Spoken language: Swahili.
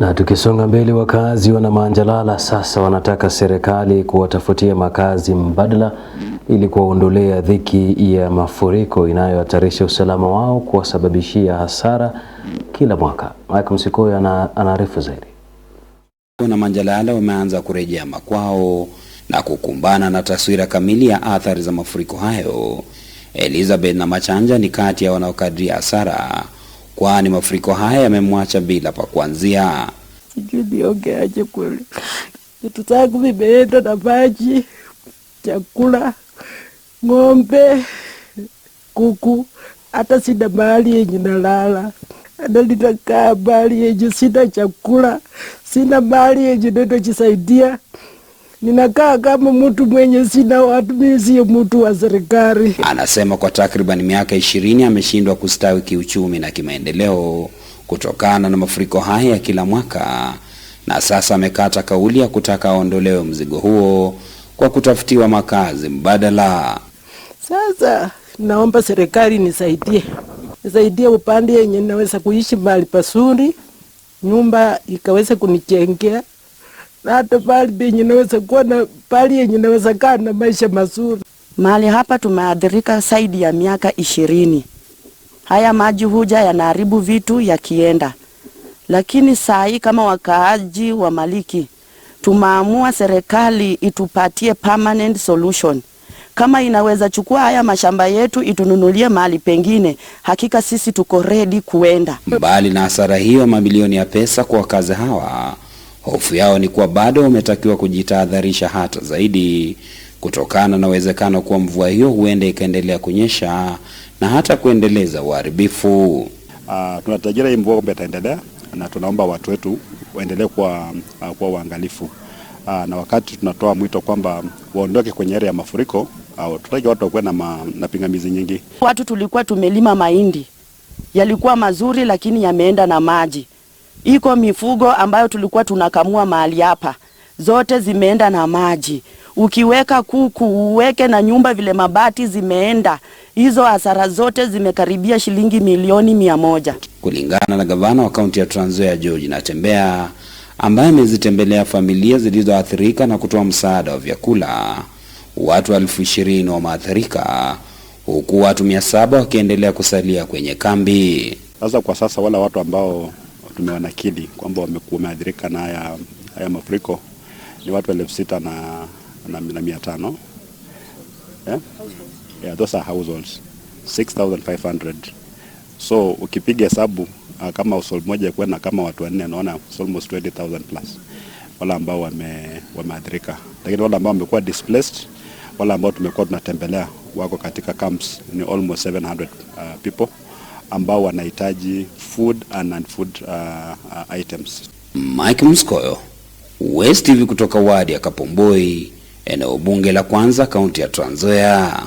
Na tukisonga mbele, wakazi wana Manjalala sasa wanataka serikali kuwatafutia makazi mbadala ili kuwaondolea dhiki ya mafuriko inayohatarisha usalama wao, kuwasababishia hasara kila mwaka. Msikoyo ana anaarifu zaidi. Wana Manjalala wameanza kurejea makwao na kukumbana na taswira kamili ya athari za mafuriko hayo. Elizabeth na Machanja ni kati ya wanaokadiria hasara kwani mafuriko haya yamemwacha bila pa kuanzia. Sijui niongeaje kweli, vitu zangu vimeenda na maji, chakula, ng'ombe, kuku, hata sina mahali yenye nalala na nitakaa mahali yenye sina chakula, sina mahali yenye nenda jisaidia. Ninakaa kama mtu mwenye sina watu, mimi mtu wa serikali. Anasema kwa takriban miaka ishirini ameshindwa kustawi kiuchumi na kimaendeleo kutokana na mafuriko haya ya kila mwaka, na sasa amekata kauli ya kutaka aondolewe mzigo huo kwa kutafutiwa makazi mbadala. Sasa naomba serikali nisaidie, nisaidie upande yenye naweza kuishi mahali pazuri, nyumba ikaweza kunijengea na hata pali penye naweza kuwa na pali yenye naweza kaa na maisha mazuri. Mahali hapa tumeadhirika zaidi ya miaka ishirini. Haya maji huja yanaharibu vitu yakienda, lakini saa hii kama wakaaji wa Maliki tumeamua serikali itupatie permanent solution. Kama inaweza chukua haya mashamba yetu itununulie mahali pengine, hakika sisi tuko ready kuenda mbali na hasara hiyo, mamilioni ya pesa kwa wakazi hawa Hofu yao ni kuwa bado wametakiwa kujitahadharisha hata zaidi kutokana na uwezekano kuwa mvua hiyo huenda ikaendelea kunyesha na hata kuendeleza uharibifu. Uh, tunatarajia hii mvua kwamba itaendelea na tunaomba watu wetu waendelee kuwa uh, waangalifu uh, na wakati tunatoa mwito kwamba waondoke kwenye area ya mafuriko uh, tutaki watu wakuwe na, ma, na pingamizi nyingi. Watu tulikuwa tumelima mahindi yalikuwa mazuri, lakini yameenda na maji iko mifugo ambayo tulikuwa tunakamua mahali hapa, zote zimeenda na maji. Ukiweka kuku uweke na nyumba vile mabati zimeenda, hizo hasara zote zimekaribia shilingi milioni mia moja. Kulingana na gavana wa kaunti ya Trans Nzoia George Natembeya ambaye amezitembelea familia zilizoathirika na kutoa msaada wa vyakula, watu elfu ishirini wameathirika huku watu mia saba wakiendelea kusalia kwenye kambi. Sasa kwa sasa wala watu ambao tumewanakili kwamba wamekuwa wameathirika na haya, haya mafuriko ni watu elfu sita na, na, na mia tano yeah? Yeah, those are households 6500 so ukipiga hesabu uh, kama household moja kuwa na kama watu wanne, naona almost 20000 plus wale ambao wameathirika wame, lakini wale ambao wamekuwa displaced, wale ambao tumekuwa tunatembelea wako katika camps ni almost 700 uh, ah, people ambao wanahitaji food and non-food uh, uh, items. Mike Mskoyo, West TV kutoka wadi ya Kapomboi, eneo bunge la kwanza, kaunti ya Trans Nzoia.